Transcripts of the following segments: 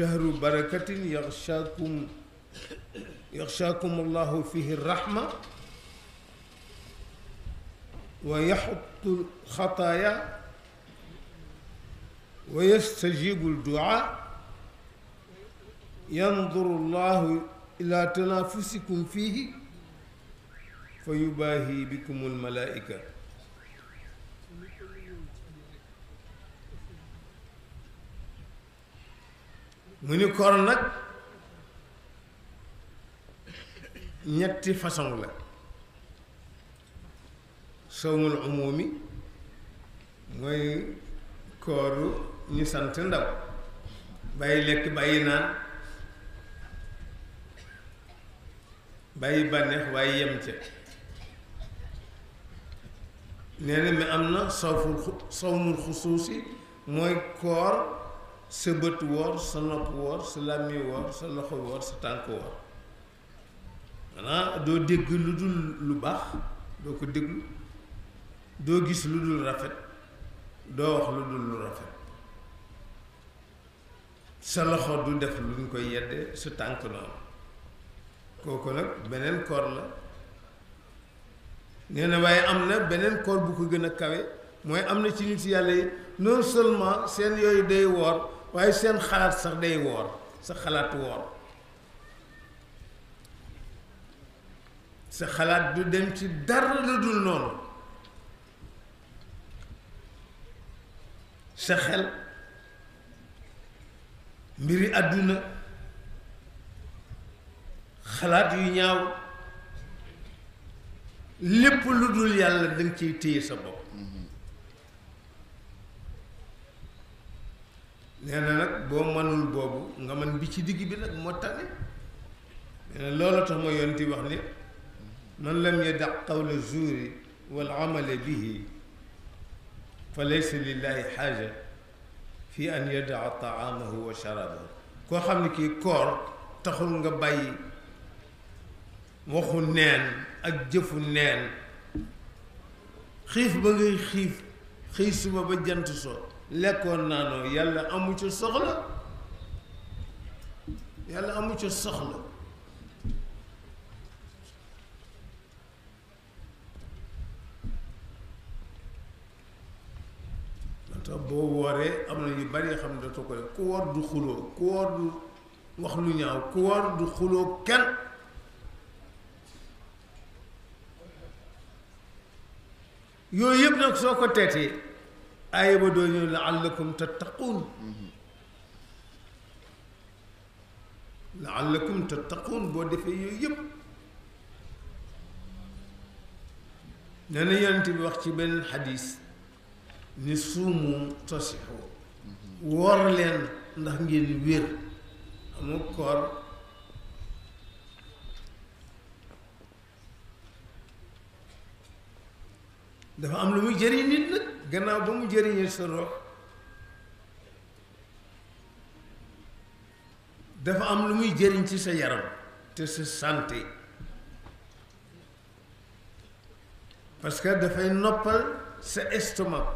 شهر بركة يغشاكم يغشاكم الله فيه الرحمة ويحط الخطايا ويستجيب الدعاء ينظر الله إلى تنافسكم فيه فيباهي بكم الملائكة mu ni koor nag ñetti façon la sawmul umumi mooy kooru ñu sant ndaw bàyyi lekk bàyyi naan bàyyi bànneex waaye yem ca nee mi am na sawful sawmul xusuusi mooy koor sa bët woor sa nopp woor sa làmmi woor sa loxo woor sa tànk woor doo dégg lu dul lu baax doo ko déglu doo gis lu dul rafet doo wax lu dul lu rafet sa loxo du def lu ñu koy yedde sa tànk noonu kooku nag beneen koor la nee na waaye am na beneen koor bu ko gën a kawe mooy am na ci nit yàlla yi non seulement seen yooyu day woor waaye seen xalaat sax day woor sa xalaat woor sa xalaat du dem ci dara lu dul noonu sa xel mbiri àdduna xalaat yu ñaaw lépp lu dul yàlla danga ciy téye sa bopp nee na nag boo mënul boobu nga mën bi ci digg bi nag moo tane nee na loolu tax ma yonti wax ni man lam yada qawla zuuri wal amala bihi fa laysa lillahi xaaja fi an yadaa taamahu wa sharabahu koo xam ne kii koor taxul nga bàyyi waxu neen ak jëfu neen xiif ba ngay xiif xëy suba ba jant soo lekkoon naanoo yàlla amu ci soxla yàlla amu ci soxla tax boo wooree am na ñu bari xam ne dootu ko ku woor du xuloo ku woor du wax lu ñaaw ku woor du xuloo kenn yooyu yëpp nag soo ko teetee آية بدون لعلكم تتقون لعلكم تتقون بودي في يوي ييب أنت بوقت بي واخ سي بن حديث ni suumu tasixu woor leen ndax dafa am lu muy jëriñ nit nag gannaaw ba mu jëriñee sa rox dafa am lu muy jëriñ ci sa yaram te sa santé parce que dafay noppal sa estomac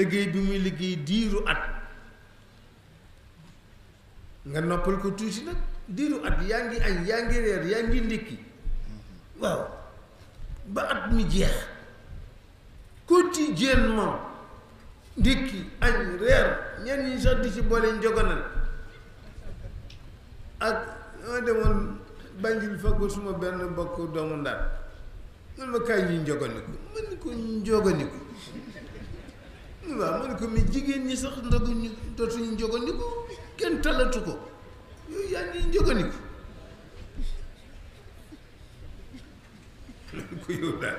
liggéey bi muy liggéey diiru at nga noppal ko tuuti nag diiru at yaa ngi añ yaa ngi reer yaa ngi ndékki waaw ba at mi jeex quotidiennement ndékki añ reer ñenn ñi sax di ci boole njogonal ak ma demoon Banjul faggu suma benn bokk doomu ndar mun ma kaay ñuy njoganiku man ni ko waaw man ko mi jigéen ñi sax ndoguñu dootuñu njoganiku kenn talatu ko yooyu yaa ngi njoganiku man ko yow daal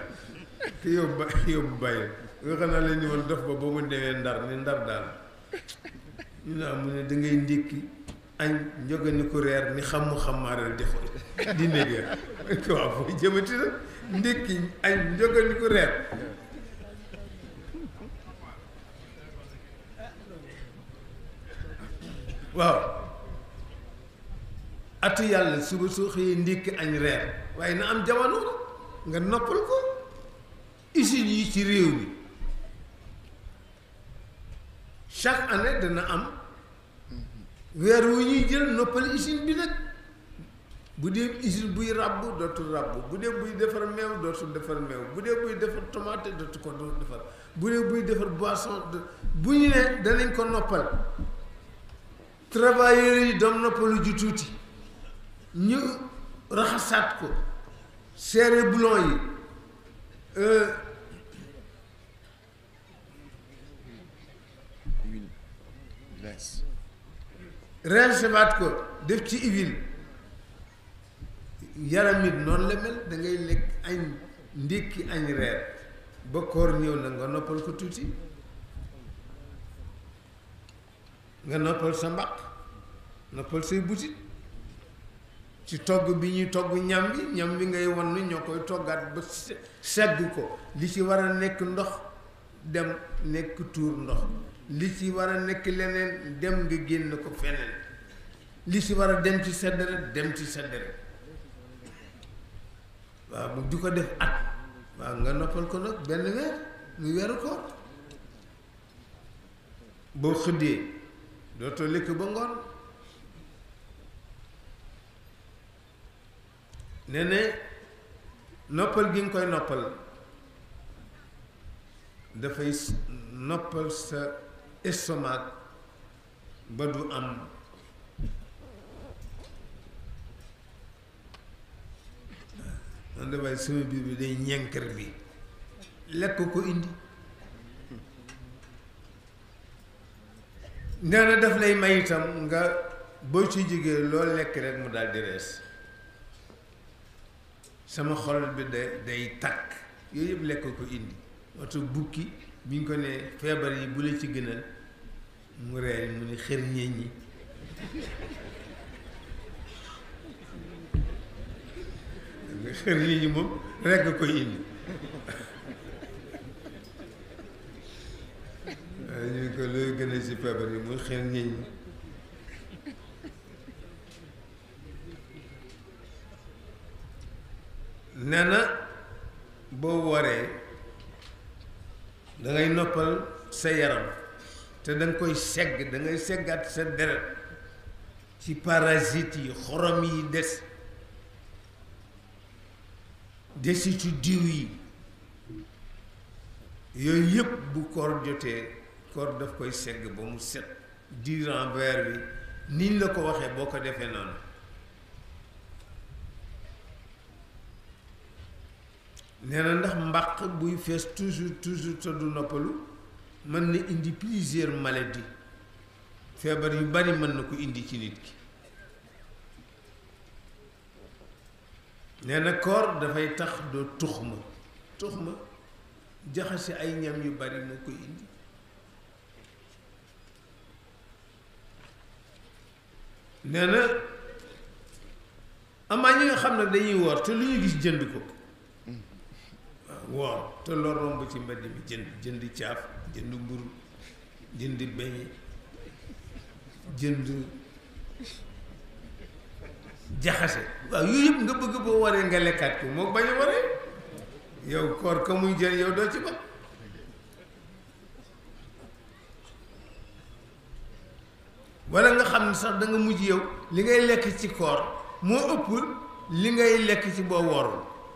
te yow ba bàyyi nga xanaa la mu demee ndar ni ndar daal ñu xam mu xam maa reer di xool di néegee waaw fooy jëmati atu yàlla suba soo xëyee ndékki añ reer waaye na am jamono nga noppal ko usines yi ci réew mi chaque année dana am wér wu ñuy jël noppal usine bi nag bu dee usine buy ràbb dootul ràbb bu dee buy defar meew dootul defar meew bu buy tomate dootu ko dootul bu buy boisson bu ne danañ ko noppal travailleurs yi doom noppalu ju tuuti ñu raxasaat ko serré boulon yi euh, recevaat ko def ci huile yaram it noonu la mel da lekk añ ndékki añ reer ba koor ñëw na nga noppal ko tuuti nga noppal sa mbaq noppal say butit ci togg bi ñuy togg ñam bi ñam bi ngay wan ñoo koy toggaat ba segg ko li ci war a nekk ndox dem nekk tuur ndox li si war a nekk leneen dem nga génn ko feneen li si war a dem ci seddare dem ci seddare waaw mu ko def at waaw nga noppal ko nag benn weer muy weeru koor boo xëddee dootoo lekk ba ngoon ne ne noppal gi nga koy noppal dafay noppal sa estomac ba du am man damay sama biir bi day ñenkar bi lekk ko indi nee na daf lay may itam nga boo ci jigéen loolu lekk rek mu daldi rees sama xol bi da day takk yooyu yëpp lekk ko indi oto bukki bi ñu ko ne feebar yi bu la ci gënal mu reer mu ni xër ñeñ ñi moom rekk koy indi waaye ñu ko looy gën si feebar yi muy xër ñeñ ñi nee na boo waree da ngay noppal sa yaram te danga koy segg dangay seggaat sa deret ci parasites yi xorom yi des desitu diw yi yooyu yëpp bu koor jotee koor daf koy segg ba mu set durant weer bi niñ la ko waxee boo ko defee noonu nee na ndax mbaq buy fees toujours toujours te du noppalu mën na indi plusieurs maladies feebar yu bari mën na ko indi ci nit ki nee na koor dafay tax doo tux ma tux ma jaxase ay ñam yu bari moo koy indi nee na amaa ñi nga xam ne dañuy woor te lu ñu gis jënd ko waaw te loo romb ci mbedd mi jënd jënd caaf jënd mburu jënd beñ jënd jaxase waaw yooyu nga bëgg boo waree nga lekkaat ko moo bañ a waree yow koor ka muy jël yow doo ci ba wala nga xam ne sax danga mujj yow li ngay lekk ci koor moo ëpp li ngay lekk ci boo woorul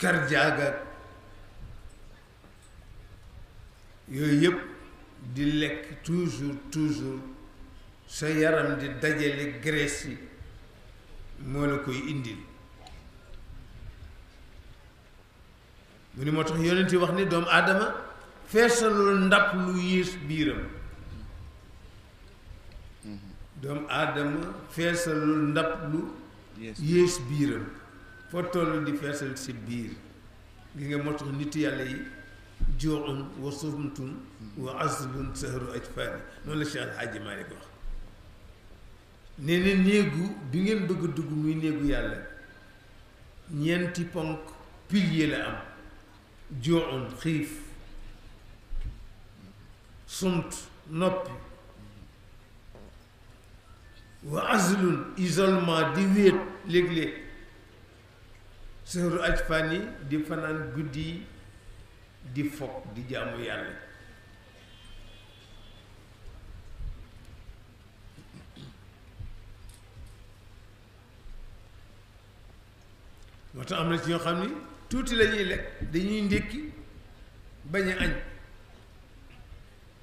karjaag ak yooyu yëpp di lekk toujours toujours sa yaram di dajale graisse yi moo la koy indil mu ni moo tax yonent wax ni doomu aadama feesalul ndab lu yées biiram mhm. doomu aadama feesalul ndab lu yées biiram foo toll di feesal si biir gi nga moo tax nit yàlla yi jooxun wa sufmtum wa azbun sahru ajfaani noonu la Cheikh Al Hadji Malick wax nee na néegu bi ngeen bëgg a dugg muy néegu yàlla ñeenti ponk pilier la am jooxun xiif sumt noppi wa azlun isolement di wéet léeg-léeg sëru ajfani di fanan gudi di fok di jamu yàlla moo tax am na ci ñoo xam ni tuuti la ñuy lekk dañuy ndékki bañ a añ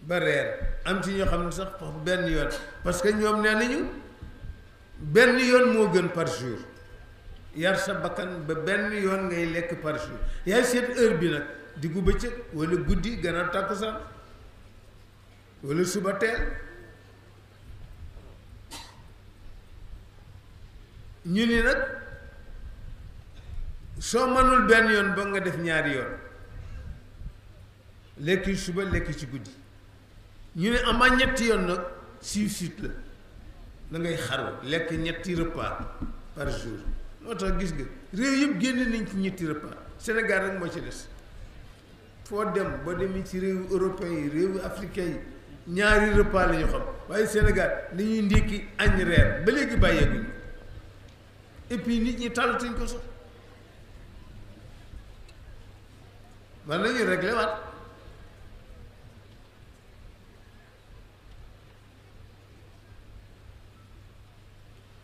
ba reer am ci ñoo xam ne sax yoon parce que ben yoon par jour yar sa bakkan ba benn yoon ngay lekk par jour yaay seet heure bi nag di diggu bëccëg walla guddi gannaaw tàkkusaan walla suba teel ñu ni nag soo mënul benn yoon ba nga def ñaari yoon lekki suba lekki ci guddi ñu ne amaa ñetti yoon nag siif siit la da ngay xaru lekk ñetti repas par jour moo gis nga réew yëpp génn nañ ci ñetti repas Sénégal rek moo ci des foo dem boo demee ci réew européen yi réewu africain yi ñaari repas la xam waaye Sénégal dañuy ndékki añ reer ba léegi bàyyeeguñ et puis nit ñi tàllatuñ ko sax man nañu réglé waat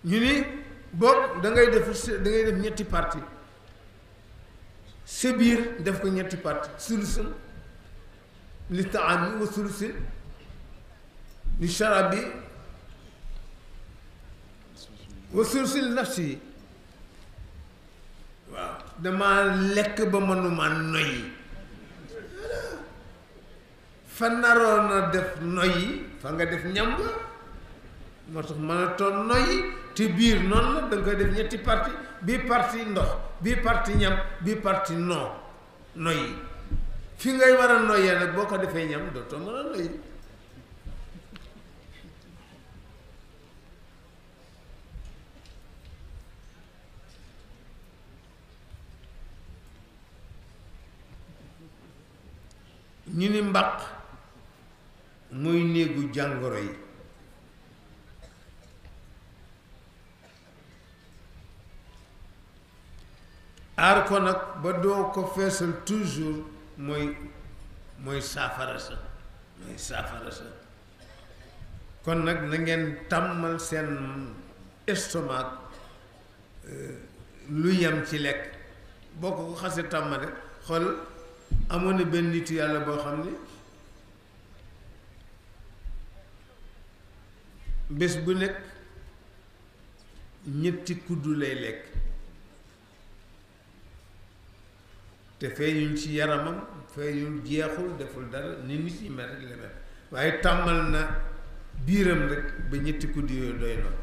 ñu ni boobu da ngay def da def ñetti parti sa biir def ko ñetti parti sulusul li taami wa sulusul li sharabi wa sulusul nafsi yi waaw damaa lekk ba mënuma noyyi fa naroon a def noyyi fa nga def ñam moo tax mënatoon noyyi ci biir noonu la da nga def ñetti parti bi parti ndox bi parti ñam bi parti non noy. fi ngay war a noyyee nag boo ko defee ñam dootoo mën a noyyi ñu ni mbaq muy néegu jàngoro yi aar ko nag ba doo ko feesal toujours mooy mooy saafara sa mooy saafara sa kon nag na ngeen tàmmal seen estomac euh, lu yem ci lekk boo ko xase tàmmale xool amoon na benn nit yàlla boo xam ne bés bu nekk ñetti kuddu lay lekk te feeñul ci yaramam feeñul jeexul deful dara ni nit ñi mel rek la mel waaye tàmmal na biiram rek ba ñetti guddi yooyu doy noonu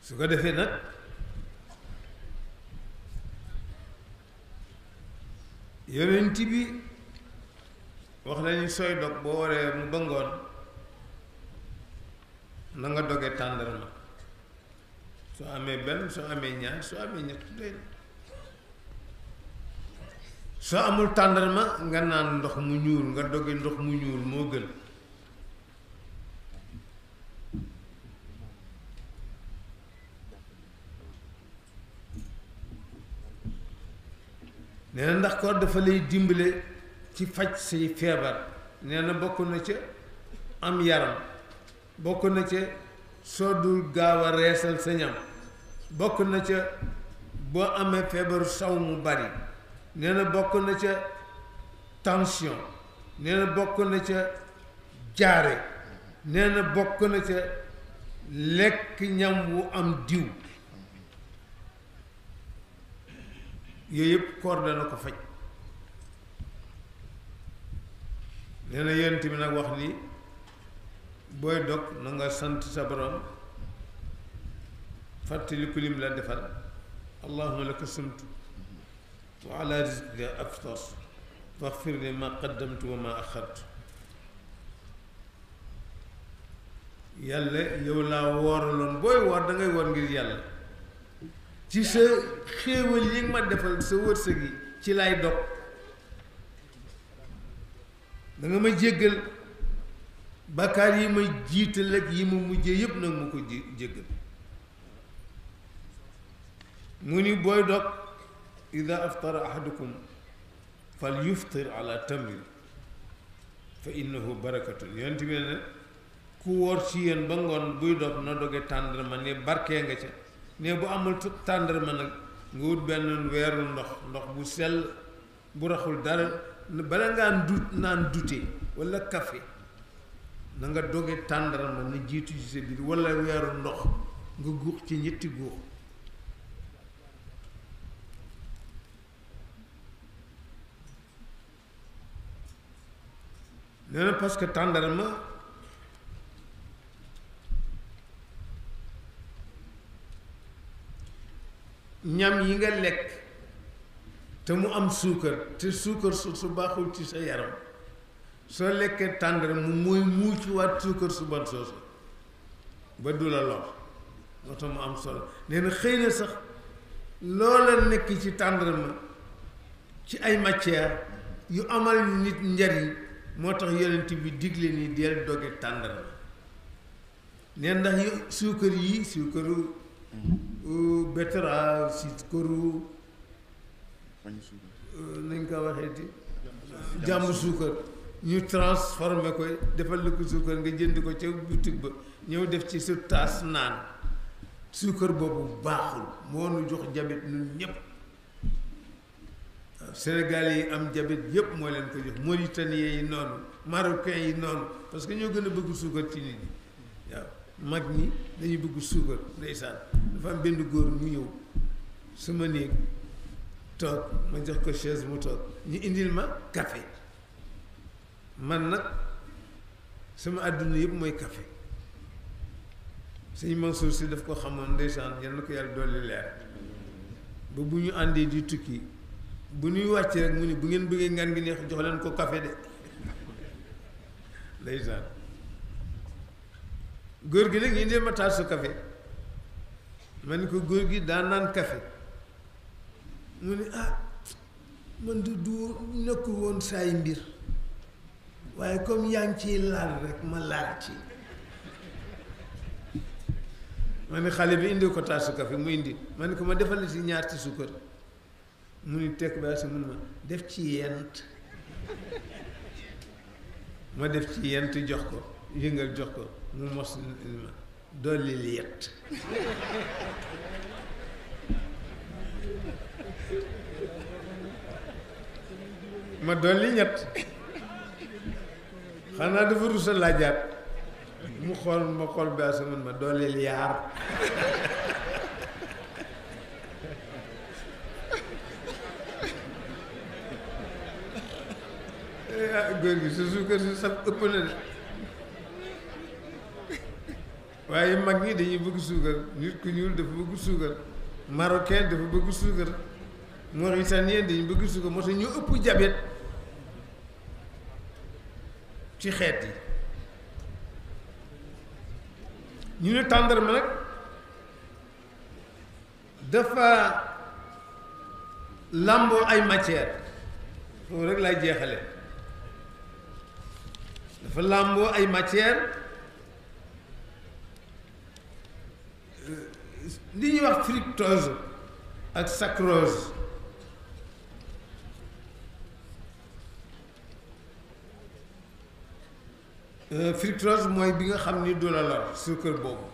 su ko defee nag yonent bi wax nañu sooy dog boo waree mu bëngoon na nga doge tàndarma soo amee benn soo amee ñaar soo amee ñett soo amul tàndarma nga naan ndox mu ñuul nga doge ndox mu ñuul moo gën nee na ndax ko dafa lay dimbale ci faj say feebar neena na bokk na ca am yaram bokk na ca soo dul gaaw a reesal sa ñam bokk na ca boo amee feebaru saw mu bari neena na bokk na ca tension nee na bokk na ca jaare neena bokk na ca lekk ñam wu am diw yooyu yëpp koor dana ko faj nee na yonent bi nag wax ni booy dog na nga sant sa borom fàttaliku lim la defal allahuma laka sumtu wa ala rizqika aftartu faxfir li ma qaddamtu wa ma axartu yàlla yow laa wooraloon booy woor da ngay woor ngir yàlla ci sa xéewal yi nga ma defal sa wërsëg yi ci lay dog danga ma jéggal bàkkaar yi ma jiital ak yi ma mujjee yépp nag mu ko jéggal mu ni booy dog ida aftara ahadukum fal yuftir ala tamrin fa innahu barakatun yonent bi ne ku wóor ci yéen ba ngoon buy dog na doge tàndarma ne barkee nga ca ne bu amul tàndarma nag nga wut benn weeru ndox ndox bu sell bu raxul dara bala ngaa du naan dute wala café na nga doge tàndarama na jiitu ci sa biir wala weeru ndox nga guux ci ñetti guux nee na parce que tàndarama ñam yi nga lekk te mu am suukar te suukar su su baaxul ci sa yaram soo lekkee tàndar mu mooy muuci waat suukar su bon soosu ba du la lor moo tax mu am solo nee na xëy na sax loola nekk ci tàndar ma ci ay matière yu amal nit njariñ moo tax yonent bi digle ni del doge tàndar ma neen ndax yu suukar yi suukaru betterave këru nañ ko waxee ti jàmm suukar ñu transformé ko defal la ko suukar nga jënd ko ca butik ba ñëw def ci sa taas naan suukar boobu baaxul moo nu jox jabet ñun ñépp waaw yi am jabet yépp moo leen ko jox Mauritanien yi noonu Marocain yi noonu parce que ñoo gën a bëgg suukar ci nit ñi mag ñi dañu bëgg suukar ndeysaan dafa am benn góor mu ñëw sama néeg toog ma jox ko chaise mu ñu indil ma kafe man nag sama àdduna yëpp mooy café sëñ Mansour si daf ko xamoon ndeysaan yal na ko yàlla dolli leer ba bu ñu àndee di tukki bu ñuy wàcc rek mu ne bu ngeen bëggee ngan gi neex jox ko café de ndeysaan góor gi nag ñu indil ma taasu café ma ne ko góor gi daan naan kafe mu ne ah man du du nekkul woon saay mbir waaye comme yaa ngi ciy laal rek ma laal ci ma ne xale bi indi ko taasu kafe mu indi ma ni ko ma defal la si ñaar ci sukkar mu ni tekk ba si mun ma def ci yent ma def ci yent jox ko yëngal jox ko mu mos ma dolli li ma dolli ñett xanaa dafa rus a laajaat mu xool ma xool bi asamaan ma dooleel yaar eh, ah, góor gi su suukar su saf ëpp na de waaye mag ñi dañuy bëgg suukar nit ku ñuul dafa bëgg suukar marocain dafa bëgg suukar nous dañu bëgg Nous moo tax ñu ëpp jabet ci xeet yi ñu ne tàndarma nag dafa làmboo ay matière foofu rek lay jeexale dafa làmboo ay matière euh, li wax fructose Euh, fructose mooy bi nga xam ni du la lor suukar boobu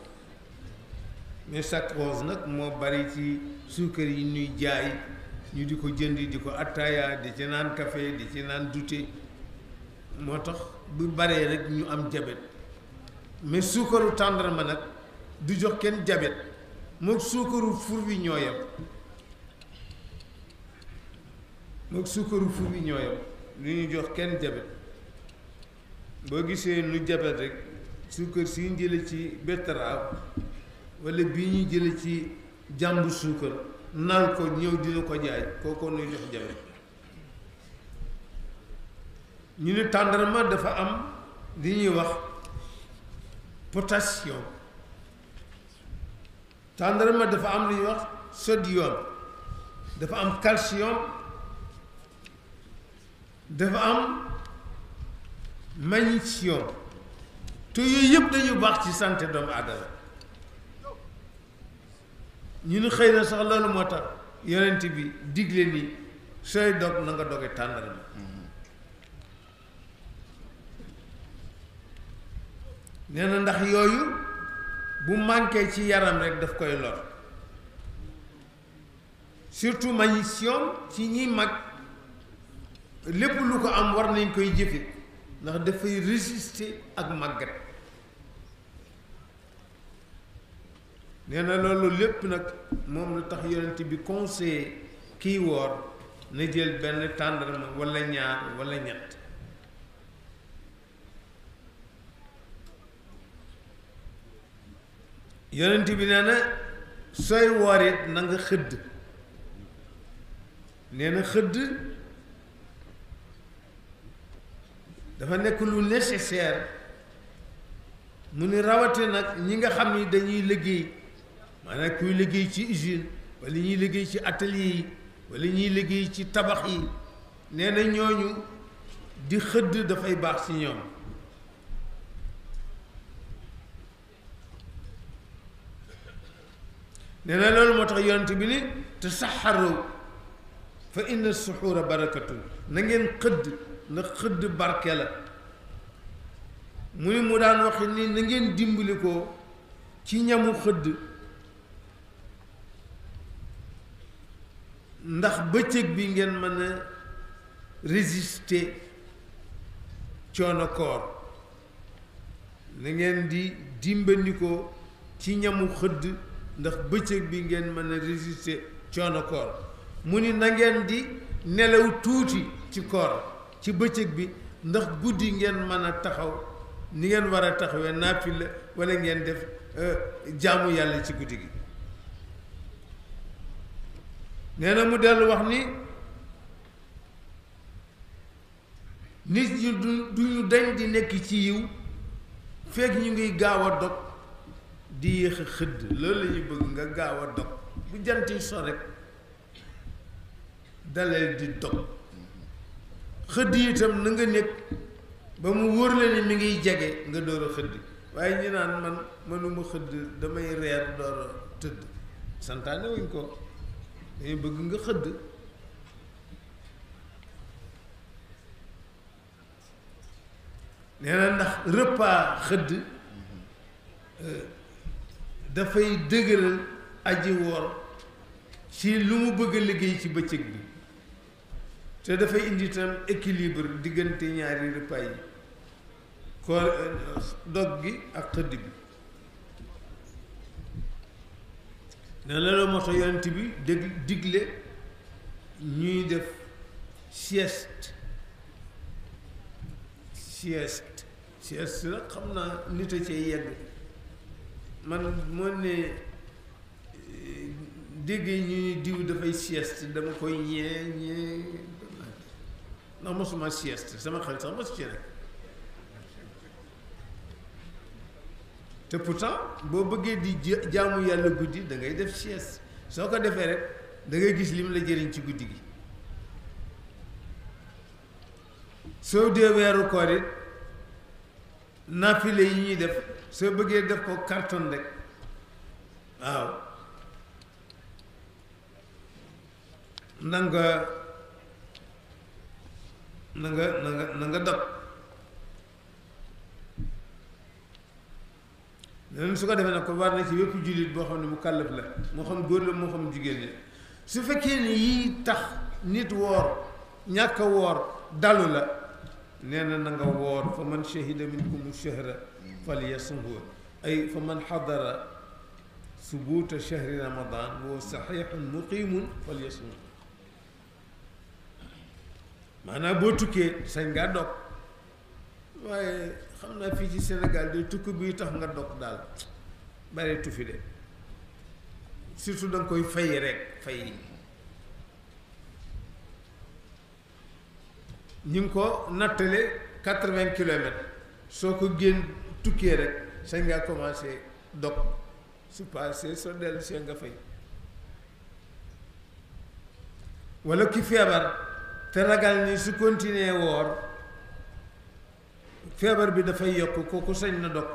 mais saccharose nag moo bari ci suukar yi ñuy jaay ñu di ko jënd di ko attaaya di ci naan café di ci naan dute moo tax bu baree rek ñu am jabet mais suukaru tàndarma nag du jox kenn jabet mook suukaru fur bi ñoo yem suukaru fur bi ñoo lu ñu jox kenn jabet boo gisee lu jabet rek suukar si ñu jële ci betterave wala bii ñu jële ci jàmbu suukar naan ko ñëw dina ko jaay kooko nuy jox jabet ñu ne tàndarma dafa am li ñuy wax potassium tàndarma dafa am li ñuy wax sodium dafa am calcium dafa am magnification te yooyu yëpp dañu baax ci sante doomu aadama ñu ne xëy na sax loolu moo tax yonent bi digle ni sooy dog na nga doge tàndarma nee na ndax yooyu bu manqué ci yaram rek daf koy lor surtout siyom ci ñi mag lépp lu ko am war nañ koy jëfe ndax dafay résister ak màggat nee na loolu lépp nag moom la tax yonent bi conseillé kii woor na jël benn tàndarma walla ñaar walla ñett yonent bi nee na sooy woor it na nga xëdd nee na xëdd dafa nekk lu nécessaire mu ne rawate nag ñi nga xam ni dañuy liggéey maanaam kuy liggéey ci usine wala ñuy liggéey ci atelier yi wala ñuy liggéey ci tabax yi nee na ñooñu di xëdd dafay baax ci ñoom nee na loolu moo tax yonent bi ni te sax saxaru fa inna suxuura barakatun na ngeen xëdd ndax xëdd barke la mu ni mu daan wax ni na ngeen dimbali ko ci ñamu xëdd ndax bëccëg bi ngeen mën a résister coono koor na ngeen di dimbali ko ci ñamu xëdd ndax bëccëg bi ngeen mën a résister coono koor mu ni na di nelaw tuuti ci koor ci bëccëg bi ndax guddi ngeen mën a taxaw ni ngeen war a taxawee naafila wala ngeen def euh, jaamu yàlla ci guddi gi nee na mu dellu wax ni nit ñi du duñu dañ di nekk ci yiw fekk ñu ngiy gaaw a dog di yéex a xëdd loolu la bëgg nga gaaw a dog bu jant yi so rek dalal di dog xëdd itam na nga nekk ba mu wóor ni mi ngiy jege nga door a xëdd waaye ñu naan man mënuma xëdd damay reer door a tëdd santaane ko dañu bëgg nga xëdd nee na ndax rëppaa xëdd euh, dafay dëgëral aji woor ci lu mu bëgg liggéey ci bëccëg bi te dafay indi itam équilibre diggante ñaari repas yi ko euh, dog gi ak xëdd bi ne la la moo tax yonent bi digle ñuy def sieste sieste sieste nag xam naa nit a cee yegg man moo ne euh, déggee ñu ni diw dafay sieste dama koy ñee ñee ndax mosuma sieste sama xel sax mosu ci rek te pourtant boo bëggee di jaamu yàlla guddi dangay ngay def sieste soo ko defee rek dangay ngay gis lim la jëriñ ci guddi gi soo dee weeru koor it yi ñuy def soo bëggee def ko carton rek waaw nanga na nga na nga na nga dab leneen su ko defee nag ko war na ci wépp jullit boo xam ne mu kàllaf la moo xam góor la moo xam jigéen la su fekkee ne yii tax nit woor ñàkk woor dalu la nee na na nga woor fa man shahida minkum shahra falyasumhu ay fa man xadara subuuta shahri ramadan wa sahihun muqimun falyasumhu maanaa boo tukkee sañ ngaa dog waaye xam naa fii ci Sénégal de tukki bi tax nga dog daal bare tufi de surtout danga koy fay rek fay ñu ngi ko nattale quatre-vingts kilomètres soo ko génn tukkee rek sañ ngaa commencé dog su paasee soo dellu nga fay walla ki feebar te ragal ni su continuer woor feebar bi dafay yokk kooku sañ na dog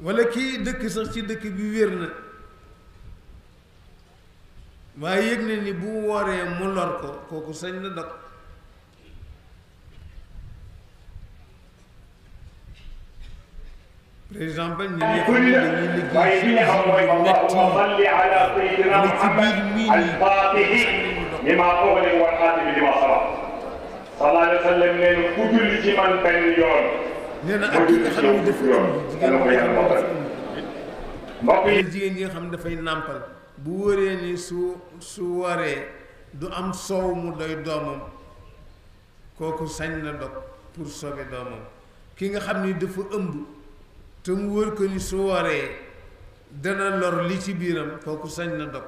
wala kii dëkk sax ci dëkk bi wér na waaye yëg na ni bu wooree mu lor ko kooku sañ na dog président ba ñu nekkul dañuy liggéey ci métti yi ci biir mii nii lima ughliq wal khatim lima sabaq sallallahu alayhi wa sallam nee na ku julli ci man benn yoon nee na ak ki nga xam ne dafa ëmb jigéen ñi nga xam mbokk yi jigéen ñi nga xam ne dafay nàmpal bu wëree ni su su waree du am soow mu doy doomam kooku sañ na dog pour sauver doomam ki nga xam ni dafa ëmb te mu wër ko ni su waree dana lor li ci biiram kooku sañ na dog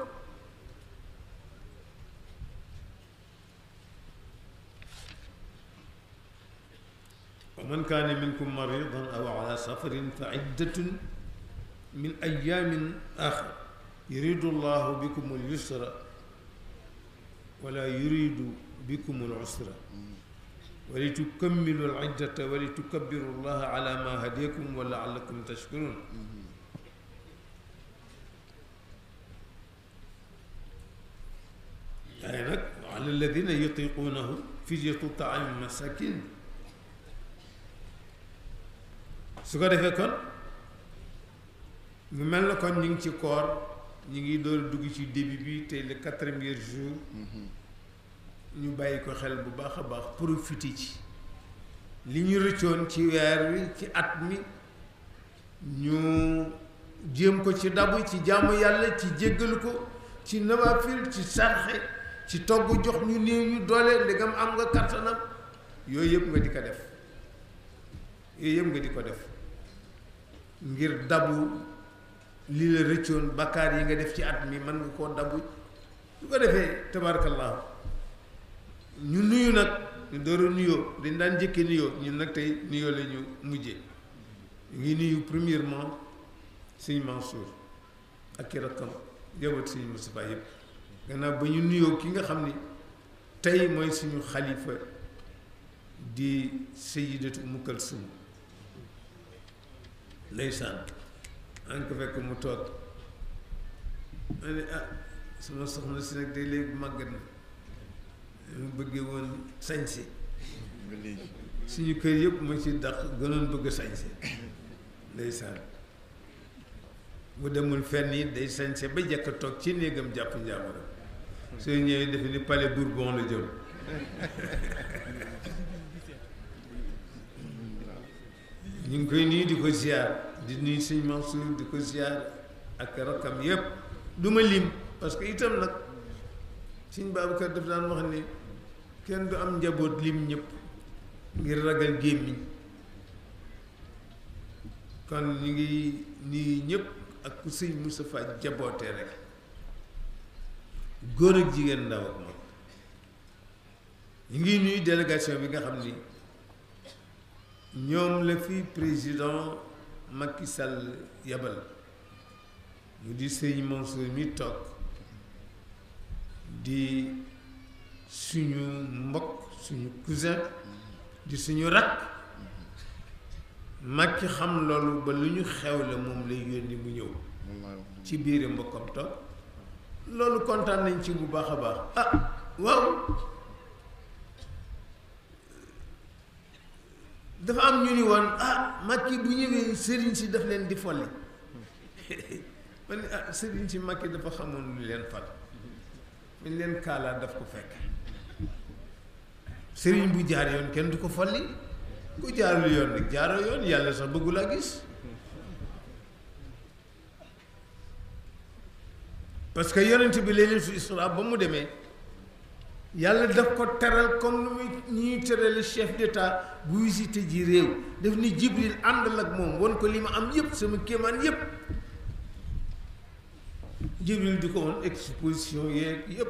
wa man kaana minkum maridan aw ala safarin fa iddatun min ayaamin axar yuridu llahu bikum al yusra wala yuridu bikum al usra ولتكملوا العدة ولتكبروا الله على ما هديكم ولعلكم تشكرون يعني على الذين يطيقونه فدية طعام مساكين su ko defee kon mu mel na kon ñu ngi ci بي ñu ngi door dugg ñu bàyyi ko xel bu baax a baax pour profité ci li ñu rëccoon ci weer wi ci at mi ñu jéem ko ci dabu ci jàmm yàlla ci jéggal ko ci nawafil ci sarxe ci togg jox ñu néew ñu doole ndegam am nga kattanam yooyu yëpp nga di ko def yooyu yëpp nga di ko def ngir dabu li la rëccoon bakkaar yi nga def ci at mi mën nga koo dabu su ko defee tabarakallahu ñu nuyu nag ñu dooru nuyoo dañ daan njëkkee nuyoo ñun nag tey nuyoo la ñu mujjee ñu nuyu premièrement sëñ Mansour ak i rakkam jabat sëñ Moustapha yëpp gannaaw ba ñu nuyoo ki nga xam ni tey mooy suñu xalifa di sayidatu Umu Kalsum ndeysaan an ko fekk mu toog ma ne ah sama soxna si nag day léegi màggat na lu bëggee woon sañse suñu kër yëpp mu ci daq gënoon bëgg sañse ndeysaan bu demul fenn yi day sañse ba jekk toog ci néegam jàpp njàmbur soo ñëwee defe ni palais Bourbon la jëm ñu ngi koy nuyu di ko ziar di nuyu sëñ Mansour di ko ziar ak rakam yëpp du lim parce que itam nag sëñ Babacar daf daan wax ni kenn du am njaboot lim ñëpp ngir ragal gémmiñ kon ñu ngi nii ñëpp ak ku sëñ Moustapha jabootee rek góor ak jigéen ndaw ak moom ñu ngi nuyu délégation bi nga xam ni ñoom la fi président Macky Sall yabal mu di sëñ Mansour mi toog di suñu mbokk suñu cousin di suñu rakk mag ci xam loolu ba lu ñu xew la moom lay yónni mu ñëw ci biir mbokkam toog loolu kontaan nañ ci bu baax a baax ah waaw dafa am ñu ni woon ah Macky bu ñëwee sëriñ si daf leen di folle ma ne ah sëriñ si Macky dafa xamoon lu leen fal biñ leen kaalaa daf ko fekk sëriñ bu jaar yoon kenn du ko folli ku jaarul yoon nag jaaroo yoon yàlla sax bëggu laa gis parce que yonent bi laylatul isra ba mu demee yàlla daf ko teral comme ni muy ñuy terale chef d'état bu visité ji réew daf ni jibril ànd ak moom won ko li ma am yépp sama kéemaan yépp Jibril di ko woon exposition yépp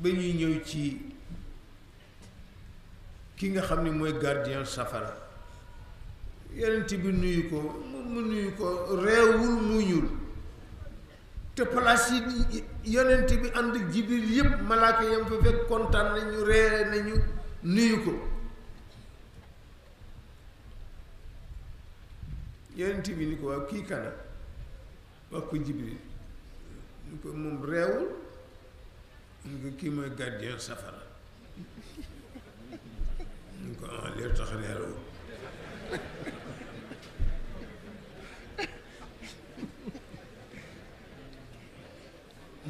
ba ñuy ñëw ci ki nga xam ni mooy gardien safara yonent bi nuyu ko mu nuyu ko reewul muñul te place yi yonent bi ànd ak Jibril yépp malaaka yam fa fekk kontaan nañu reere nañu nuyu ko yonent bi ni ko waaw kii kana wax ko Jibril ñu ko moom reewul ñu ko kii mooy gardien safara ñu ko ah leer tax reeroo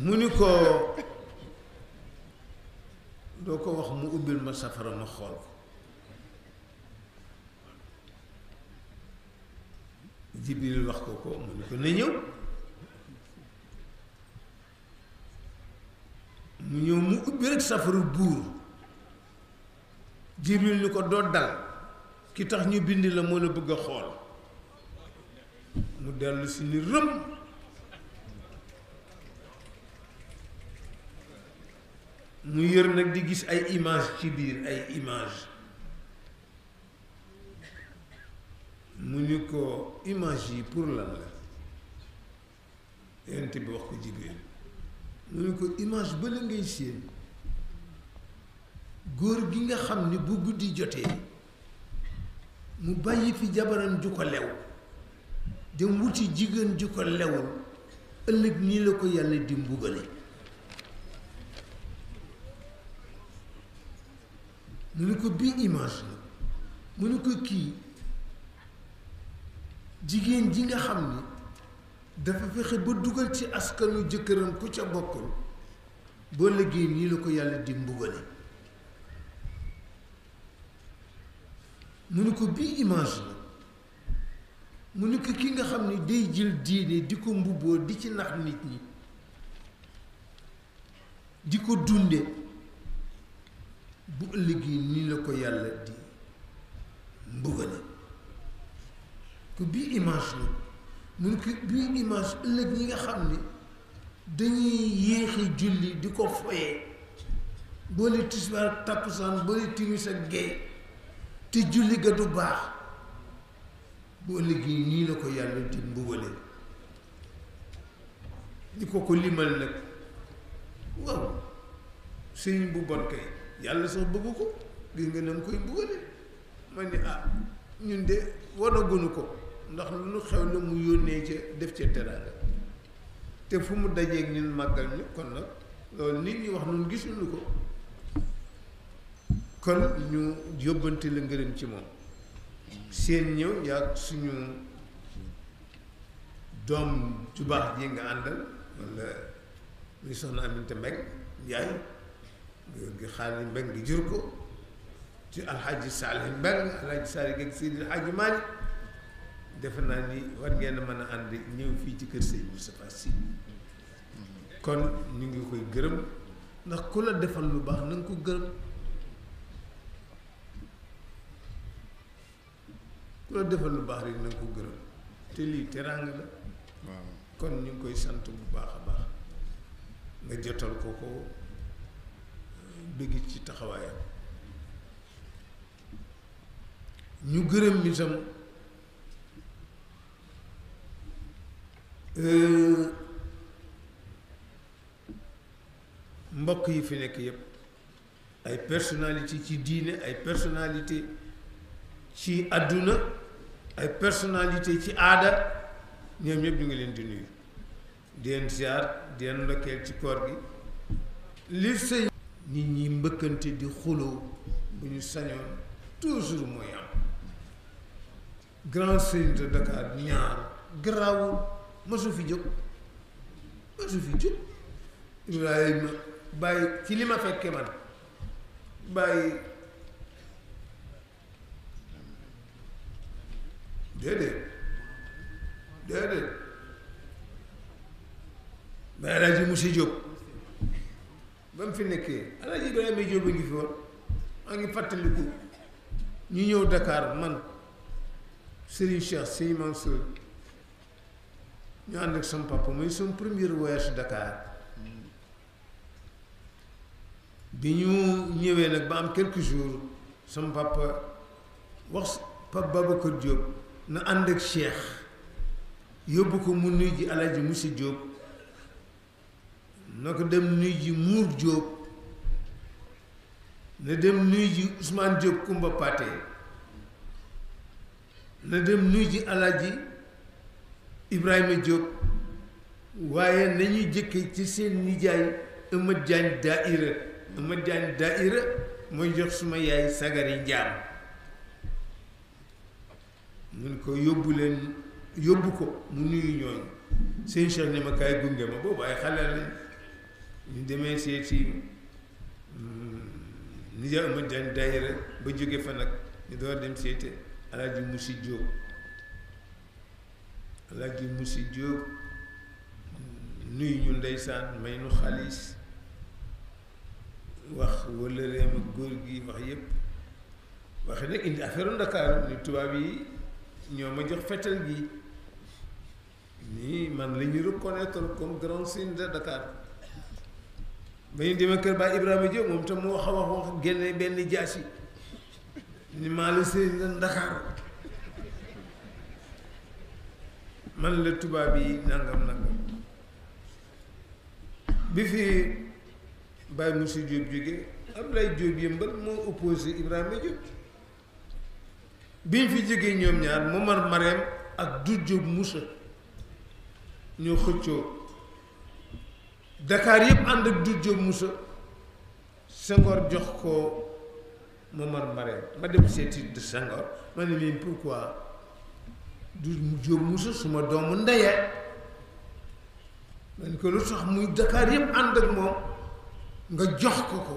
mu ni ko doo ko wax mu ubbil ma safara ma xool ko jibril wax ko ko mu ni ko na ñëw mu ñëw mu ubbi rek safaru buur jibril ni ko doo dal ki tax ñu bind la moo la bëgg xool mu dellu si ni rëm mu yër nag di gis ay image ci biir ay image mu ñu ko image yi pour lan la yent bi wax ko jibril loolu ko image ba ngay séen góor gi nga xam ni bu guddi jotee mu bàyyi fi jabaram ju ko lew dem wuti jigéen ju ko lewul ëllëg nii la ko yàlla di mbugale mu ne ko bii image la mu ne ko kii jigéen ji nga xam ni dafa fexe ba dugal ci askanu jëkkëram ku ca bokkul boo liggéey nii la ko yàlla di mbugale mu ni ko bii image la mu ni ko ki nga xam ni day jël diine di ko mbubboo di ci nax nit ñi di ko dunde bu ëllëgee nii la ko yàlla di mbugale ko bii image la mun ko bii dimanche ëllëg ñi nga xam ni dañuy yéexi julli di ko foyee boole tisbaar ak takkusaan boole timis ak gee te julli ga du baax bu ëllëgee nii la ko yàlla di mbugale ñi ko ko limal nag waaw sëñ bu bon kay yàlla sax bëgg ko gis nga ne koy mbugale ma ni ah ñun de wanaguñu ko ndax lu nu xew la mu yónnee ca def ca teraanga te fu mu dajeeg ñun màggal ñu kon nag loolu nit ñi wax nun gisuñu ko kon ñu yóbbante la ngërëm ci moom seen ñëw yaa suñu doom ju baax ji nga àndal wala muy soxna Aminata Mbengue Ndiaye gi xaalis Mbengue gi jur ko ci alxaaji Saalih Mbengue alxaaji Saalih gi ak Seydi alxaaji Maalik defe naa ni war ngeen mën a ànd ñëw fii ci kër sëñ Moustapha Sy kon ñu ngi koy gërëm ndax ku la defal lu baax na nga ko gërëm ku la defal lu baax rek na nga ko gërëm te lii teraanga la kon ñu ngi koy sant bu baax a baax nga jotal ko ko bëgg ci taxawaayam ñu gërëm itam Euh, mbokk yi fi nekk yépp ay personnalité ci diine ay personnalité ci àdduna ay personnalité ci aada ñoom ñëpp ñu ngi leen di nuyu di leen ziar di leen ndokkeel ci koor gi li sëñ nit ñi mbëkkante di xuloo bu ñu sañoon toujours mooy am grand sëñ de Dakar ñaar garaawul mësu fi jóg mësu fi jóg Ibrahima bàyyi ci li ma fekke man bàyyi déedéet déedéet ba Alaaji Musa Jóob ba mu fi nekkee Alaaji yi Jóob a ngi fi woon maa ngi fàttaliku ñu ñëw Dakar man Serigne Cheikh Serigne Mansour ñu ànd ak sama papa muy premier voyage Dakar bi ñu ñëwee nag ba am quelques jours sama papa wax papa Babacar Diop na ànd ak Cheikh yóbbu ko mu nuy ji Alaaji Musa Diop na ko dem nuy ji Mour Diop na dem nuy ji Ousmane Diop Kumba Paté na dem nuy ji Alaaji Ibrahima Diop waaye nañu jëkke ci seen nijaay Amath Diagne Daïra Amath Diagne Daïra mooy jox suma yaay sagari njaam mun ko yóbbu leen yóbbu ko mu nuyu ñooñu seen Cheikh ne ma kaay gunge ma boobu ay xale lañ ñu demee seeti mm, nijaay Amath Diagne Daïra ba jóge fa nag ñu door dem seete Alaaji Musi Diop Alaaji Musi Jóob nuyu ñu ndeysaan may nu xaalis wax wëllëreem ak góor gi wax yépp waxe nag indi affaire Ndakaaru ni tubaab yi ñoo ma jox fetal gi nii man la ñu reconnaître comme grand signe de ba ñu demee kër Baay Ibrahima Diop moom tam mu wax a wax génne benn jaasi ni maa la sëriñ Ndakaaru man la tubaab yi nangam nangam bi fi Baye Moussa Diop jóge Abdoulaye Diop yëmbal moo opposé Ibrahima Diop biñ fi jógee ñoom ñaar Momar Marème ak du Diop Moussa ñoo xëccoo Dakar yëpp ànd ak du Diop Moussa Senghor jox ko Momar Marème ma dem seeti de Senghor ma ne leen pourquoi du jóob musu suma doomu ndeyee man ko lu tax muy Dakar yépp ànd ak moom nga jox ko ko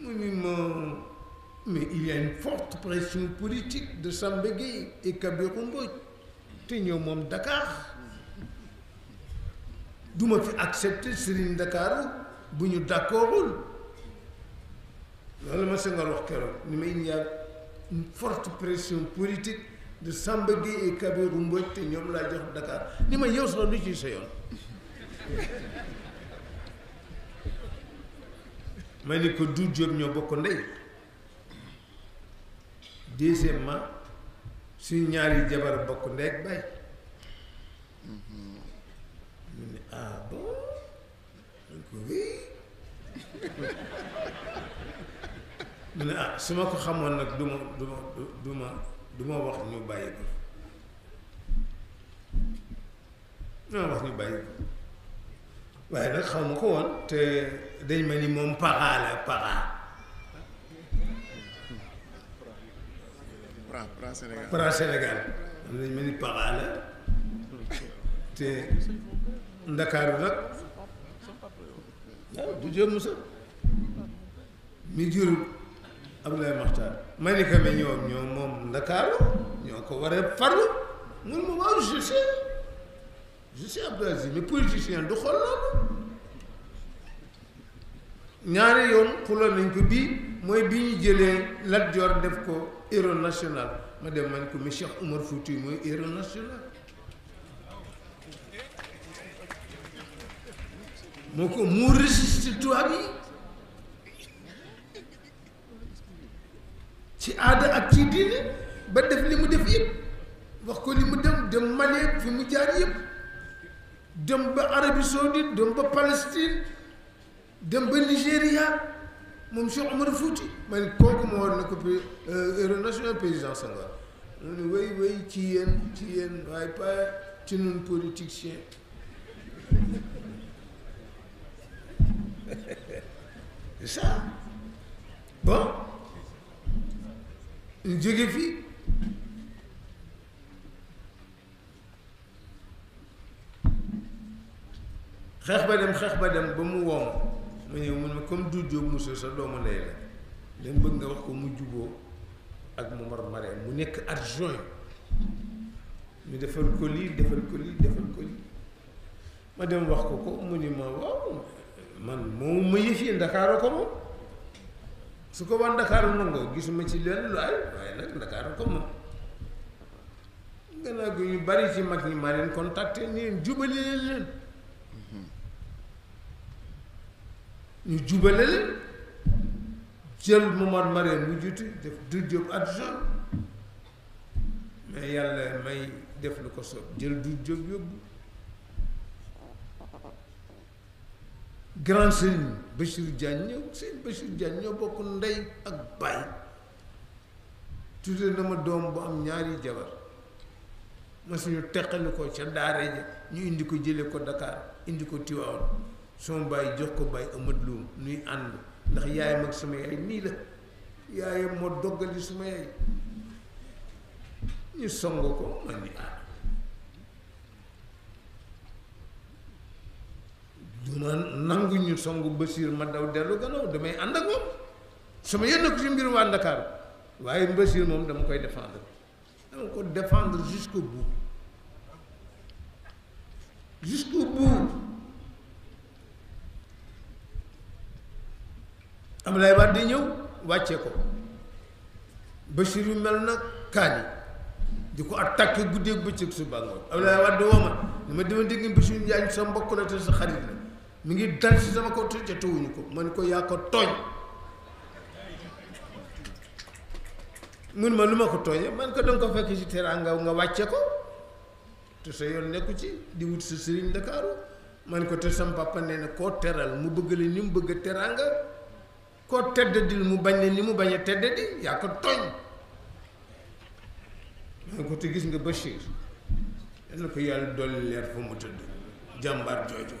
mu ni ma mais il y a une forte pression politique de Samba Gueye et Kabirou Mbodj te ñëw moom Dakar m'a fi accepter Serigne Dakar bu ñu la loolu ma sa nga wax keroog ni may il une forte pression politique de Samba Gueye et Kabirou te ñoom laa jox Dakar ni ma yow soo lu ciy sa yoon ma ni ko du Diop ñoo bokk ndey deuxièmement suñ ñaari jabar bokk ndey ak bay mu ne ah bon donc oui mu ne ah su ma ko xamoon nag du ma du ma du ma du ma wax ñu bàyyi ko du ma wax ñu bàyyi ko waaye nag xaw ma ko woon te dañ ma ni moom para la para para Sénégal para Sénégal dañ ma ni para la te ndakaaru nag waaw du jëm sa mi jur Abdoulaye Makhtar malika mi ñoom ñoo moom Ndakaaru ñoo ko war a farlu mun ma waaw je sais je sais Abdou Aziz mais politicien du xool loolu ñaari yoon xuloo nañ ko bii mooy bi ñu jëlee Lat Dior def ko héros national ma dem man ko mi Cheikh Oumar Foutiyou mooy héros national moo ko mu résister tubaab yi ci aada ak ci diine ba def li mu def yëpp wax ko li mu dem dem Mali fi mu jaar yëpp dem ba Arabie Saoudite dem ba Palestine dem ba Nigéria moom Cheikh Omar Fouti man kooku moo war na ko euh, héros national président Senghor mu ne wéy wéy ci yéen ci yéen waaye pas ci ñun politicien c'est ça bon نجيكي في خخ بدم خخ بدم بمو وام من يوم ما كم دو جو موسى صدوم ليلة لين بعند وقت مو جبو أك ممر مرة منك أرجوين من دفر كولي دفر كولي دفر كولي ما دم وقت كم مني ما وام من مو ميشي إن دكارو كمو su ko waa Dakar nangoo gisuma ci len lu ay way nak Dakar ko mo gëna gi ñu bari ci mag ñi maa leen ni leen jubali leen mar ñu jubale leen jël Momar Marème mu jitu def du job adjoint mais yalla may def lu ko so jël du job yobbu grand Serigne Bachir Diagne ñëw Serigne Bachir Diagne ñoo bokk ndey ak baay tudde na doom bu am ñaari jabar ma suñu teqali ko ca daara ñu indi ko jële ko Dakar indi ko Tiwaawan sama bàyyi jox ko bàyyi Amadou Loum nuy ànd ndax yaayam ak sama yaay nii la yaayam moo doggali suma yaay ñu song ko man ni ah ma nangu ñu songu Basiir ma daw dellu gannaaw damay ànd ak moom sama yenn ko ci mbir waa Ndakaaru waaye Basiir moom dama koy défendre dama ko défendre jusqu'au bout jusqu'au bout Abdoulaye Wade di ñëw wàccee ko Basiir yu mel na kaani di ko attaqué guddeeg bëccëg suba ngoon Abdoulaye Wade woo ma ni ma dima dégg Basiir Njaañ sa mbokk la te sa xarit la mi ngi dal ci sama ko te tuwuñu ko man ko ya ko togn mun ma luma ko tooñee man ko danga ko fekk ci teranga nga wacce ko te sa yoon nekku ci di wut sa serigne dakaaru man ko te sam papa neena ko teral mu bëgg li ni bëgg teranga ko tedd dil mu bañ ni mu bañ tedd di Ya ko togn man ko te gis nga bashir ko yalla dol leer fu mu tedd jambar jojo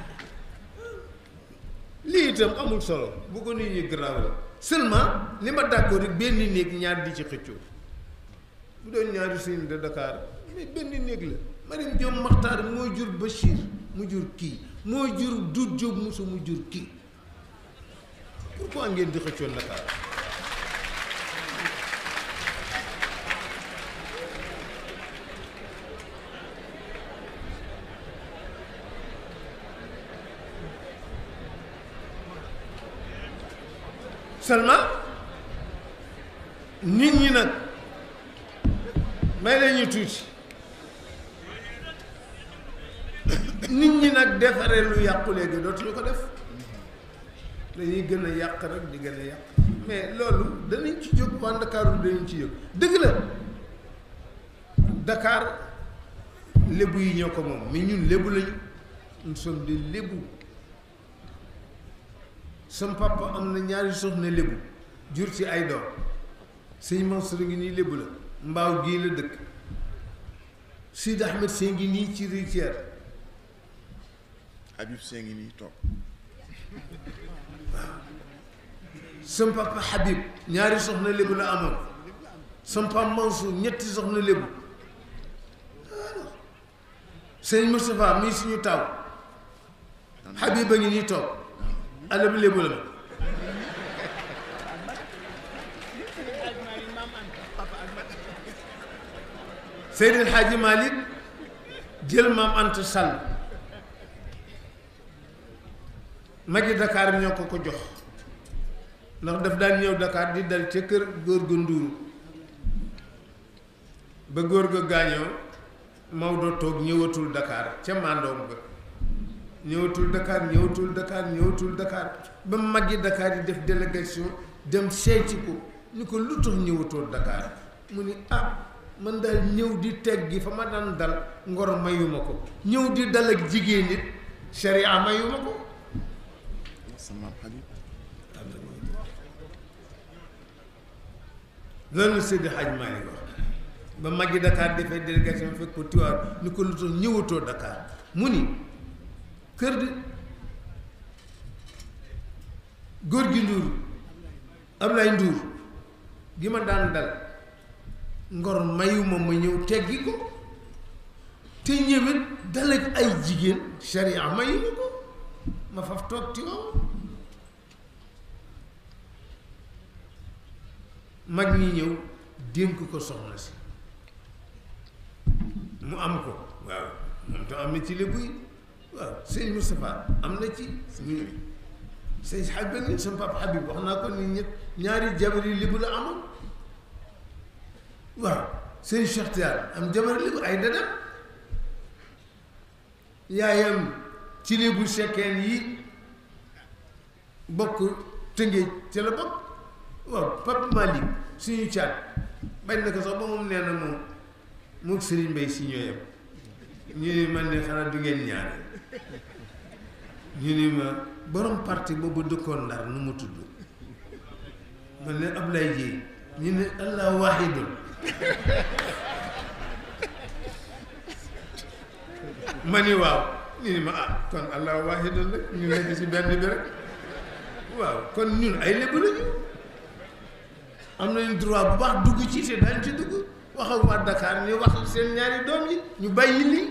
lii itam amul solo bu ko nit ñi grave la seulement li ma d'accord rek benn néeg ñaar di ci xëccoo bu doon ñaari sëñ de Dakar mais benn néeg la Marim Diom Maxtaar moo jur Bachir mu jur kii moo jur Doudou Diop Moussa mu jur kii pourquoi ngeen di xëccoon Dakar seulement nit ñi nag may la ñu tuuti nit ñi nag defaree lu yàqu léegi dootuñu ko def dañuy gën a yàq rek di gën a yàq mais loolu danañ ci jóg waa Ndakaaru danañ ci jóg dëgg la Dakar lébu yi ñoo ko moom mais ñun lébu lañu nous sommes des sama papa am na ñaari soxna lébu jur ci ay doom sëñ Mansour ngi nii lébu la mbaaw gii la dëkk Sidi Ahmed Sy ngi nii ci Ritière Habib Sy ngi nii toog waaw sama ñaari soxla lébu la amoon sama papa ñetti soxna lébu alors sëñ mii suñu taw Habib a ngi nii toog alam lébu la Seydil Hadji Malick jël maam Anta Sall magi Dakar ñoo ko ko jox ndax daf daan ñëw Dakar di dal ca kër góor ga nduuru ba góor ga gaañoo Maodo toog ñëwatul dakaar ca màndoom ba ñëwatul Dakar ñëwatul Dakar ñëwatul Dakar ba maggi Dakar yi def délégation dem seeti ko ñu ko lu tax ñëwatoo mu ni ah ñëw di teg gi fa ma dal ngor mayuma ko ñëw di dal jigéen nit sharia mayuma ko loolu Seydi Hadj maggi Dakar defee délégation fekk ko mu ni kër de góor gi Ndour Ablaye Ndour gi ma daan dal ngor mayuma ma ñëw teggi ko te ñëwet dal ay jigéen sharia mayuma ko ma faf toog ti wow mag ñi ñëw dénk ko soxna si mu am ko waaw moom tam am ci léegi waaw sëñ Moustapha am na ci ñu sëñ Habib ni sama papa Habib wax naa ko ni ñett ñaari jabar yi libu la amoon waaw sëñ Cheikh Tidiane am jabar libu ay dada yaayam ci libu sekkeen yi bokk tëngéej ca la bokk waaw Papa Malick suñu caat bañ na ko sax ba moom nee na moom mook Serigne Mbaye si ñooyam ñu ne man ne xanaa du ngeen ñaare ñu ni ma borom parti boobu dëkkoon ndar nu mu tudd ma ne Ablaye Dieye ñu ne allah wahidun ma ni waaw ñu ni ma ah kon allah wahidun rek ñu nekk ci benn bi rek waaw kon ñun ay lébu lañu am nañu droit bu baax dugg ci te daañu ci dugg wax waa Dakar ñu wax seen ñaari doom yi ñu bàyyi lii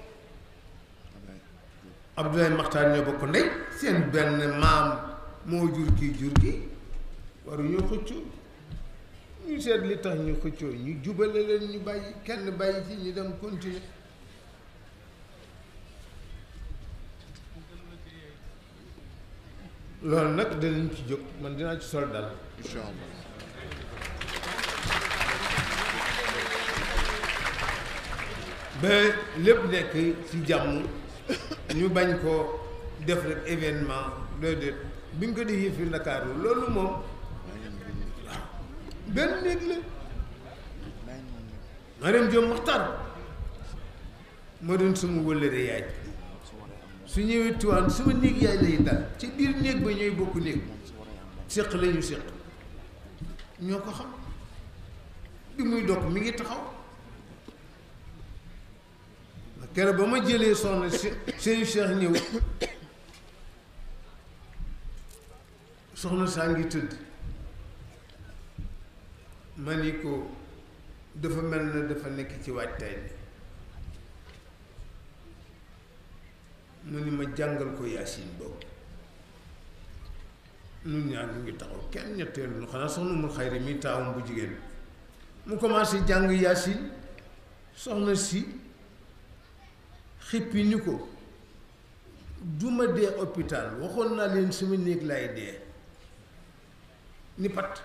Abdoulaye Makhtar ñoo bokk ndey seen benn maam moo jur kii jur kii waruñoo xëccoo ñu seet li tax ñu xëccoo ñu jubale leen ñu bàyyi kenn bàyyi ci ñu dem continuer loolu nag danañ ci jóg man dinaa ci sol dal incha allah ba lépp nekk ci jàmm ñu bañ ko def rek événement déedéet bi ñu ko defee fii Ndakaaru loolu moom benn néeg la Mariam Diop Makhtar moo doon sama wëllëre yaay su ñëwee tuwaan sama néeg yaay lay dal ci biir néeg ba ñooy bokk néeg séq lañu séq ñoo ko xam bi muy dog mi ngi taxaw kere ba ma jëlee soxna Serigne Cheikh ñëw soxna saa ngi tëdd ma ni ko dafa mel na dafa nekk ci waajtaay bi mu ni ma jàngal ko yaasin boobu nun ñaar ñu ngi taxaw kenn ñetteelu nu xanaa soxna mu xayri mi taawam bu jigéen mu commencé jàng yaasin soxna si xippi ni ko duma dee hôpital waxoon naa leen suma néeg laay dee ni pat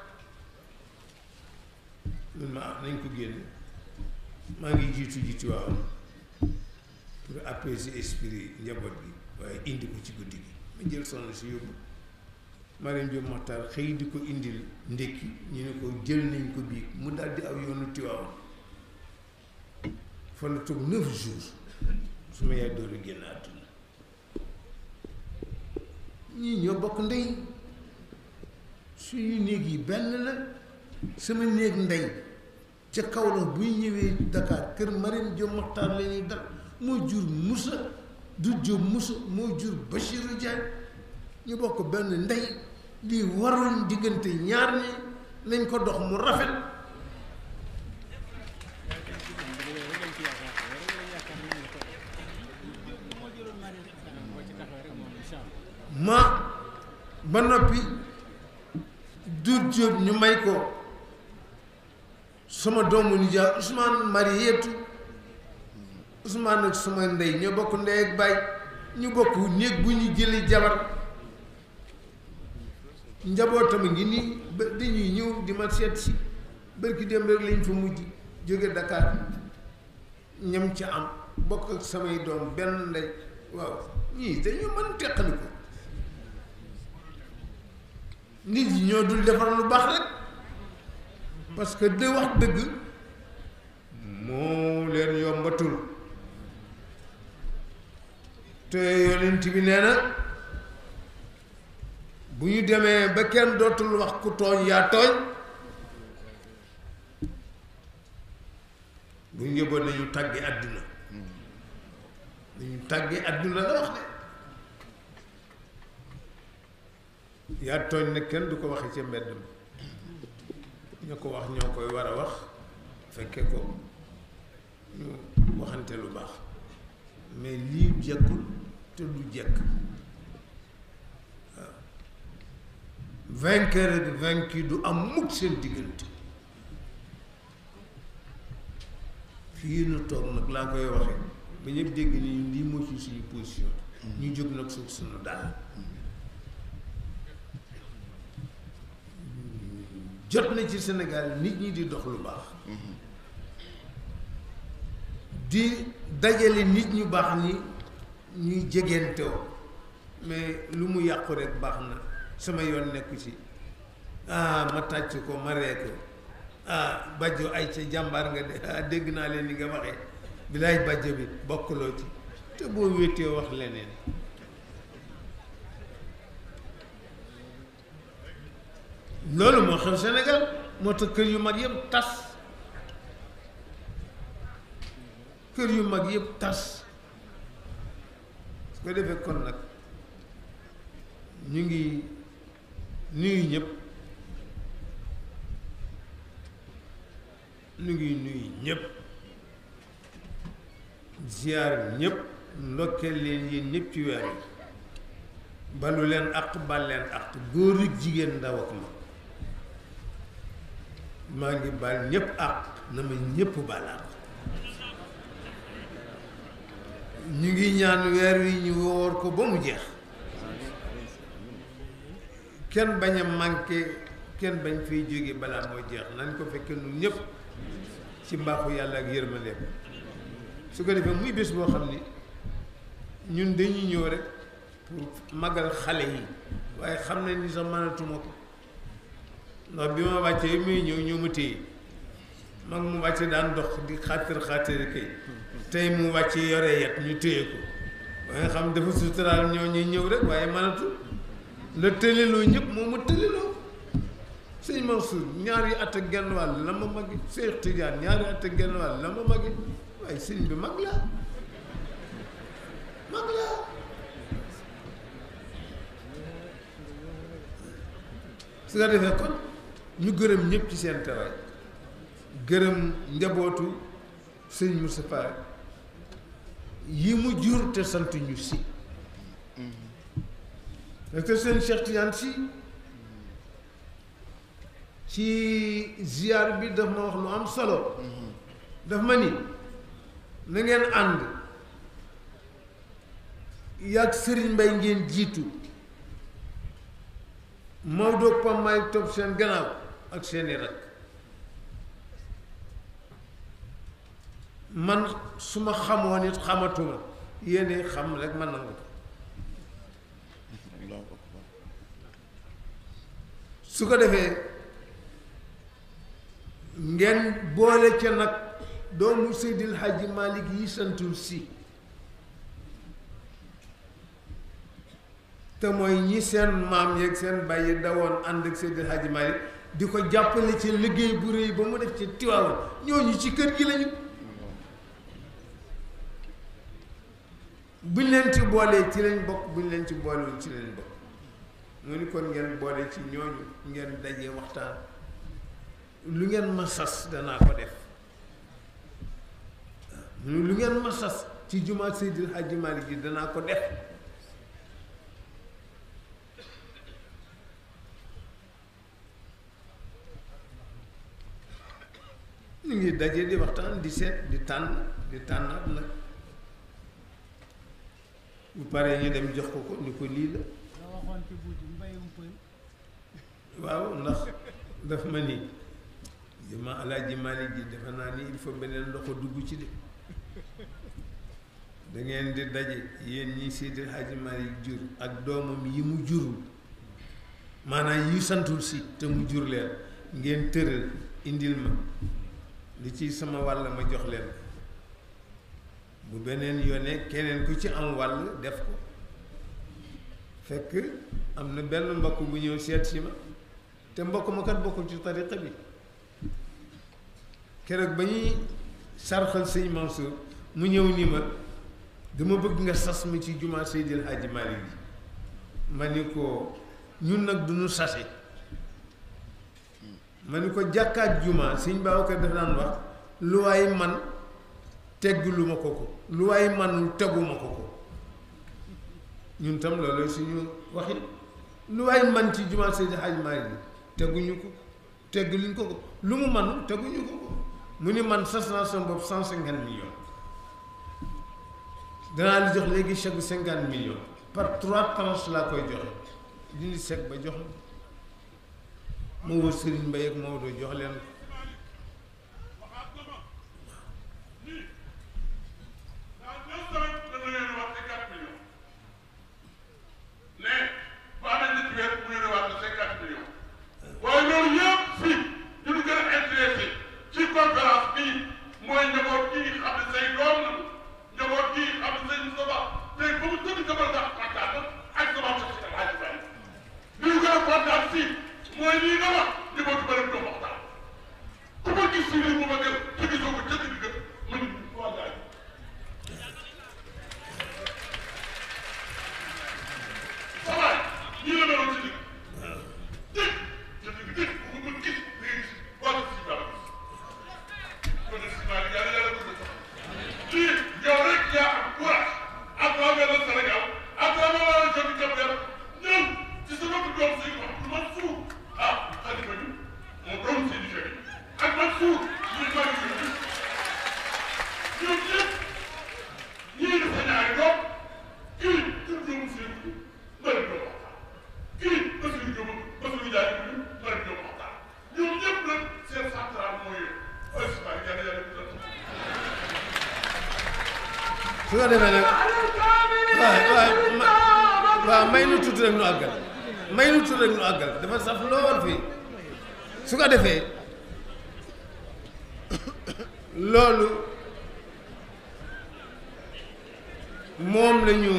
mun ma am nañ ko génn maa ngi jiitu jiitu waaw pour apaiser esprit njaboot bi waaye indi ko ci guddi gi ma jël sonn si yóbbu Mariam Diop Maxtaar xëy di ko indil ndékki ñu ne ko jël nañ ko biig mu daldi aw yoonu Tiwaawan fa la neuf jours suma yaay dóor yi génn àdduna ñii ñoo bokk ndey suñu néeg yi benn la sama néeg ndey ca Kaolack buy ñëwee Dakar kër Marine Diop Mokhtar la ñuy dal moo jur Moussa du Diop Moussa moo jur Bachirou Diagne ñu bokk benn ndey lii waroon diggante ñaar ñi nañ ko dox mu rafet ma ba noppi duut jóob ñu may ko sama doomu nijaay Ousmane mari yeetu Ousmane ak sama ndey ñoo bokk ndey ak bay ñu bokk néeg bu ñu jëlee jabar njabootam ngi ni ba dañuy ñëw di ma seet si barki dem rek lañ fa mujj jóge Dakar ñam ci am bokk ak samay doom benn ndey waaw ñii dañu mën teqali nit ñi ñoo dul defar lu baax rek parce que de wax dëgg moo leen yombatul te yonent bi nee na bu ñu demee ba kenn dootul wax ku tooñ yaa tooñ bu ñu yëboon nañu tàggi àdduna nañu hmm. tàggi àdduna la wax de yaa tooñ nag kenn du ko waxee ca mbedd mi ñu ko wax ñoo koy war a wax fekke ko ñu waxante lu baax mais lii jekkul te du jëkk waaw vainqueur ak vaincu du am mukk seen diggante fii nu toog nag laa koy waxee ba ñëpp dégg ni lii moo ci suñu position ñu jóg nag suuf suñu daal jot na ci Sénégal nit ñi di dox lu baax di dajale nit ñu baax ni ñuy jegentewoo mais lu mu yàqu rek baax na sama yoon nekku ci ah ma tàcc ko ma ree ko ah, ay ca jàmbar nga de ah, dégg naa leen li nga waxee bilaay bàjjo bi bokkuloo ci te boo wéetee wax leneen loolu moo xew Sénégal moo tax kër yu mag yëpp tas kër yu mag yëpp tas su ko defee kon nag ñu ngi nuyu ñëpp ñu ngi nuyu ñëpp ziar ñëpp ndokkeel leen yéen ñëpp ci weer balu leen àq bal leen àq góor ak jigéen ndaw ak mag maa ngi baal ñëpp àq na ma ñëpp baal ñu ngi ñaan weer wi ñu woor ko ba mu jeex kenn bañ a kenn bañ fiy jóge balaa moo jeex nañ ko fekke nun ñëpp ci mbaaxu yàlla ak yërmandeem su ko defee muy bés boo xam ni ñun dañuy ñëw rek pour magal xale yi waaye xam nañ ni sax ndax bi ma wàccee muy ñëw ñoo ma téye mag mu wàcce daan dox di xaatir xaatir kay tey mu wàccee yore yet ñu téye ko waaye ñoo ñuy ñëw rek waaye manatu la tëliloo ñëpp moom mu tëliloo sëñ Mansour ñaari at ak genn wàll la ma magi Cheikh Tidiane ñaari at ak genn wàll la ma magi waaye sëñ bi mag la mag la su nga defee kon ñu gërëm ñëpp ci seen teewaay gërëm njabootu sëñ Moustapha yi mu jur te sant ñu si parce seen Cheikh Tidiane si ci ziar bi daf ma wax lu am solo daf ma ni na ngeen ànd yàgg sëriñ mbay ngeen jiitu Maodo Pam may topp seen gannaaw ak seeni rakk man su ma xamoon it xamatuma yéene xam rek man nangu ko su ko defee ngeen boole ca nag doomu seddil Hadji Malick yi santul si te mooy ñi seen maam yeeg seen bàyyi dawoon ànd ak Seydil Hadji Malick di ko jàppale ci liggéey bu rëy ba mu def ci Tiwaawan ñooñu ci kër gi lañu buñ leen ci boolee ci lañ bokk buñ leen ci boolee ci lañ bokk mu ni kon ngeen boole ci ñooñu ngeen dajee waxtaan lu ngeen ma sas danaa ko def mu lu ngeen ma sas ci jumaat Seydil Hadji Malick ji danaa ko def ñu ngi di waxtaan di sét di tan di tan la bu ñi dem jox ko ko ni ko li la waaw ndax daf ma ni ni il faut beneen loxo dugg ci de da ngeen di daje yéen ñi Hadji jur ak doomam yi mu jurul yi si te mu li ci sama wàll ma jox leen ko bu beneen yoone keneen ku ci am wàll def ko fekk am na benn mbokk bu ñëw seet si ma te mbokk ma kat bokkul ci tariqa bi keroog ba ñuy sarxal sëñ Mansour mu ñëw ni ma dama bëgg nga sas ma ci jumaa Seydil Hadji Malick ji ma ni ko ñun nag du ñu sase ma ni ko jàkkaat juma sëñ Babacar daf daan wax lu waay man teggulu ma ko ko lu waay manul teguma ko ko ñun tam loolu suñu waxi lu waay man ci juma Seydi Hadji Malick teguñu ko tegguluñ ko ko lu mu man teguñu ko ko mu ni man sas naa sama bopp cent cinquante millions danaa la jox léegi chèque cinquante millions par trois tranches laa koy joxe dindi ba jox mu wër Serigne Mbaye ak Maodo jox leen ko bii nga wax jubóotu ba leen doon waxtaan ku ko gis si lii mu ma gën su ko defee ne waaw waaw may nu tuuti rek nu àggal may nu tuuti rek nu àggal dafa saf lool fii su ko defee loolu moom la ñu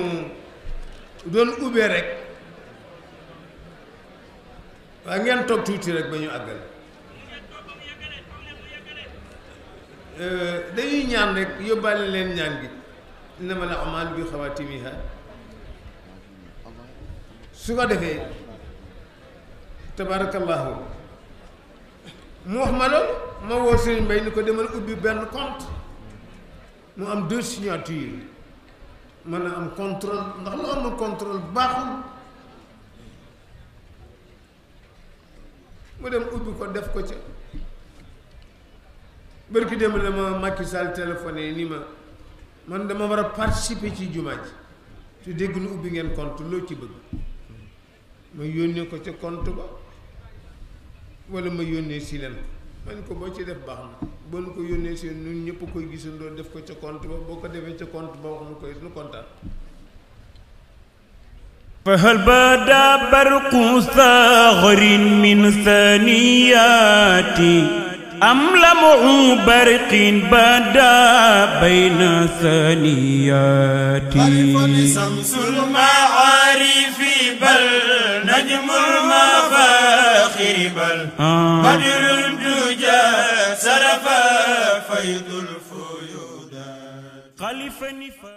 doon ubbee rek waaye ngeen toog tuuti rek ba ñu àggal euh, dañuy ñaan rek yóbbaale leen ñaan gi innamal a'maalu bi xawaatimiha su ko defee tabaarakallaahu mu wax ma loolu ma woo Serigne Mbaye ni ko demal ubbi benn compte mu am deux signatures mën na am contrôle ndax lu amul contrôle baaxul mu dem ubbi ko def ko ca bërki dem la ma Macky Sall téléphoné ni ma man dama war a participer ci jumaa ji su dégg nu ubbi ngeen compte loo ci bëgg ma yónnee ko ca compte ba wala ma yónnee si leen ko man ko boo ci def baax na boo nu ko yónnee si nun ñëpp koy gisandoo def ko ca compte ba boo ko defee ca compte ba wax nu koy nu ba فهل بدا برق ثغر من ثنياتي أم لمع برق بدا بين ثنياتي شمس المعارف بل نجم المفاخر بل آه. بدر الدجى سرف فيض الفيودات